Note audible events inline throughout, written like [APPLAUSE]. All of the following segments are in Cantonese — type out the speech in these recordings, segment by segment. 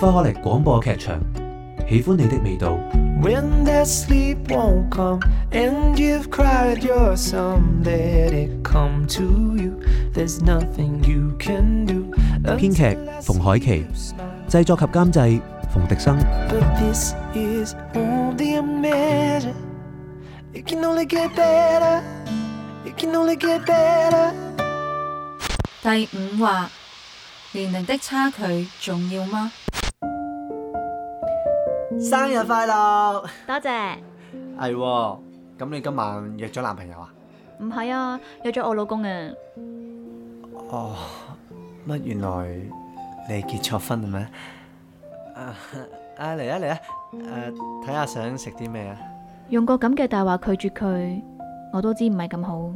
花花力廣播劇場，喜歡你的味道。編劇馮凱琪，製作及監製馮迪生。第五話，年齡的差距重要嗎？生日快樂！多謝。係、哎，咁你今晚約咗男朋友啊？唔係啊，約咗我老公啊。哦，乜原來你結錯婚係咩？啊，嚟啊嚟啊，誒睇下想食啲咩啊？用個咁嘅大話拒絕佢，我都知唔係咁好。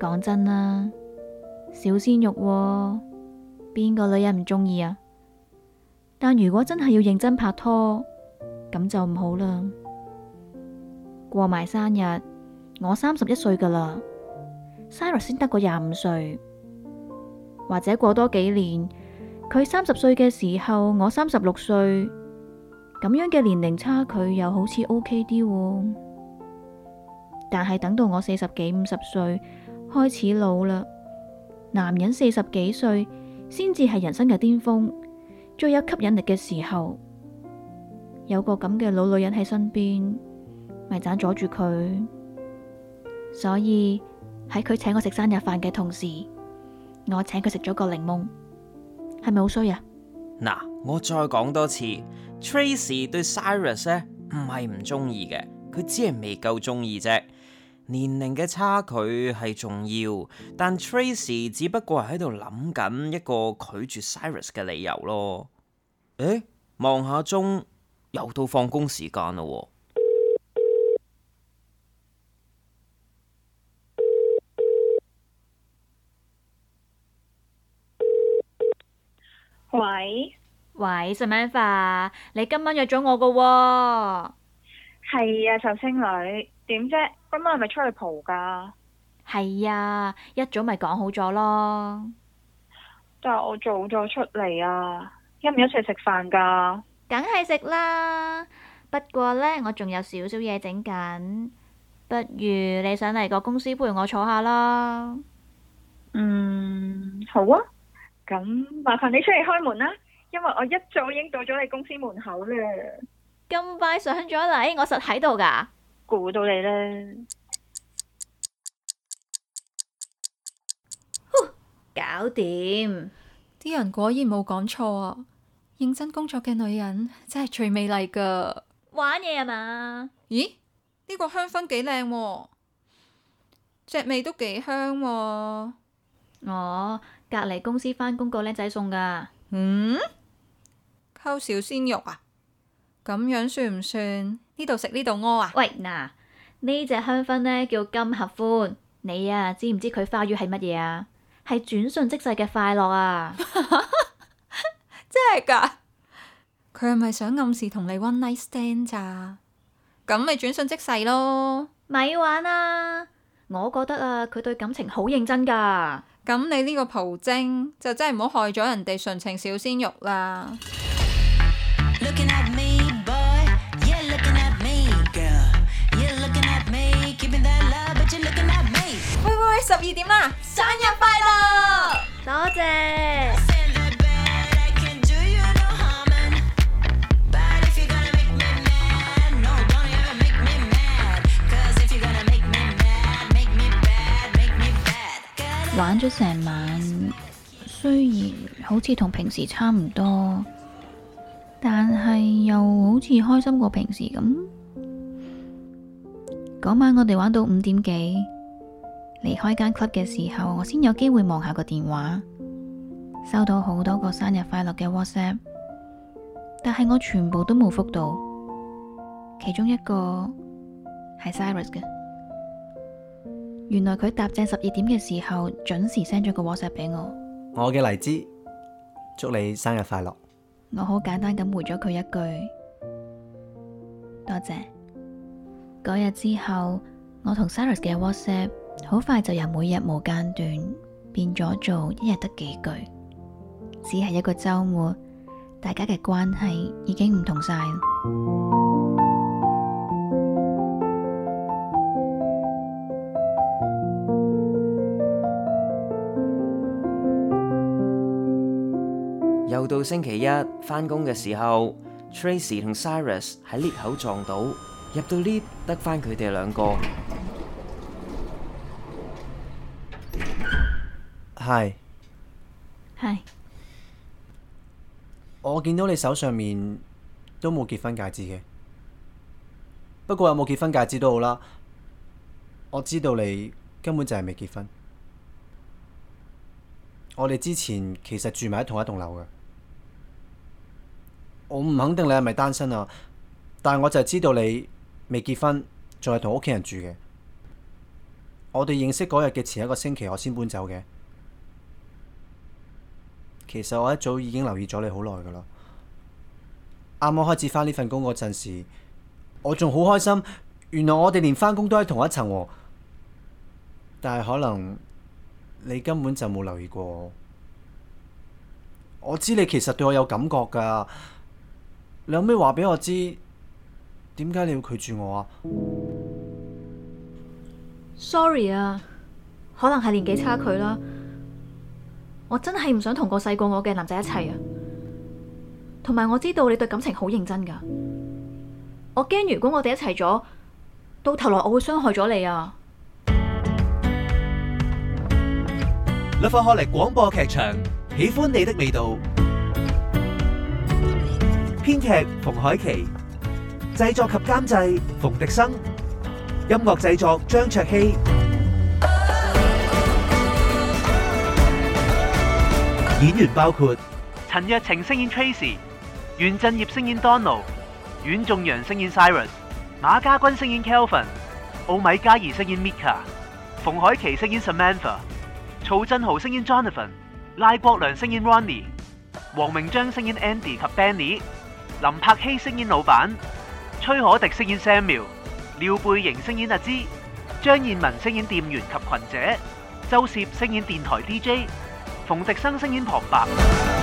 講真啦，小鮮肉，啊，邊個女人唔中意啊？但如果真係要認真拍拖，咁就唔好啦。過埋生日，我三十一歲㗎喇，Sarah 先得個廿五歲，或者過多幾年，佢三十歲嘅時候，我三十六歲，咁樣嘅年齡差距又好似 OK 啲。但係等到我四十幾五十歲開始老啦，男人四十幾歲先至係人生嘅巔峰。最有吸引力嘅時候，有個咁嘅老女人喺身邊，咪盞阻住佢。所以喺佢請我食生日飯嘅同時，我請佢食咗個檸檬，係咪好衰啊？嗱，我再講多次，Tracy 對 Cyrus 咧，唔係唔中意嘅，佢只係未夠中意啫。年齡嘅差距係重要，但 Tracy 只不過係喺度諗緊一個拒絕 Cyrus 嘅理由咯。誒、欸，望下鐘，又到放工時間啦。喂，喂，Samantha，你今晚約咗我噶？係啊，壽星女，點啫？今晚係咪出去蒲㗎？係啊，一早咪講好咗咯。但係我早咗出嚟啊，一唔一齊食飯㗎？梗係食啦，不過呢，我仲有少少嘢整緊，不如你上嚟個公司陪我坐下啦？嗯，好啊。咁麻煩你出嚟開門啦，因為我一早已經到咗你公司門口啦。咁快上咗嚟，我實喺度噶，估到你喇。搞掂，啲人果然冇講錯啊！認真工作嘅女人真係最美麗噶。玩嘢啊嘛？咦，呢個香薰幾靚，隻味都幾香。我隔籬公司返工個僆仔送噶。嗯，溝小鮮肉啊！咁樣算唔算？呢度食呢度屙啊！喂，嗱，呢隻香薰呢叫金合歡，你啊知唔知佢花語係乜嘢啊？係轉瞬即逝嘅快樂啊！ [LAUGHS] 真係噶，佢係咪想暗示同你 one night stand 咋？咁咪轉瞬即逝咯，咪玩啦！我覺得啊，佢對感情好認真噶。咁你呢個蒲精就真係唔好害咗人哋純情小鮮肉啦。 [MUSIC] 出成晚，雖然好似同平時差唔多，但係又好似開心過平時咁。嗰 [NOISE] 晚我哋玩到五點幾，離開間 club 嘅時候，我先有機會望下個電話，收到好多個生日快樂嘅 WhatsApp，但係我全部都冇覆到，其中一個係 Cyrus 嘅。原來佢搭正十二點嘅時候，準時 send 咗個 WhatsApp 俾我。我嘅黎姿，祝你生日快樂。我好簡單咁回咗佢一句，多謝。嗰日之後，我同 Sara 嘅 WhatsApp 好快就由每日無間斷變咗做一日得幾句，只係一個周末，大家嘅關係已經唔同晒。又到星期一返工嘅時候，Tracy 同 Cyrus 喺裂口撞到，入到裂得翻佢哋兩個。係。係。我見到你手上面都冇結婚戒指嘅，不過有冇結婚戒指都好啦。我知道你根本就係未結婚。我哋之前其實住埋同一棟樓嘅。我唔肯定你係咪單身啊，但係我就知道你未結婚，仲係同屋企人住嘅。我哋認識嗰日嘅前一個星期，我先搬走嘅。其實我一早已經留意咗你好耐噶啦。啱啱開始翻呢份工嗰陣時，我仲好開心，原來我哋連翻工都喺同一層喎。但係可能你根本就冇留意過。我知你其實對我有感覺噶。你有咩話俾我知？點解你要拒絕我啊？Sorry 啊，可能係年紀差距啦。我真係唔想同個細過我嘅男仔一齊啊。同埋我知道你對感情好認真㗎。我驚如果我哋一齊咗，到頭來我會傷害咗你啊。你放學嚟廣播劇場，喜歡你的味道。編劇馮海琪，製作及監製馮迪生，音樂製作張卓希。 [MUSIC] 演員包括陳若晴飾演 Tracy，袁振業飾演 Donald，阮仲陽飾演 Cyrus，馬家軍飾演 Kelvin，奧米加兒飾演 Mika，馮海琪飾演 Samantha，曹振豪飾演 Jonathan，賴國良飾演 Ronnie，黃明章飾演 Andy 及 Benny。林柏希飾演老闆，崔可迪飾演 Samuel，廖貝瑩飾演阿芝，張燕文飾演店員及群姐，周攝飾演電台 DJ，馮迪生飾演旁白。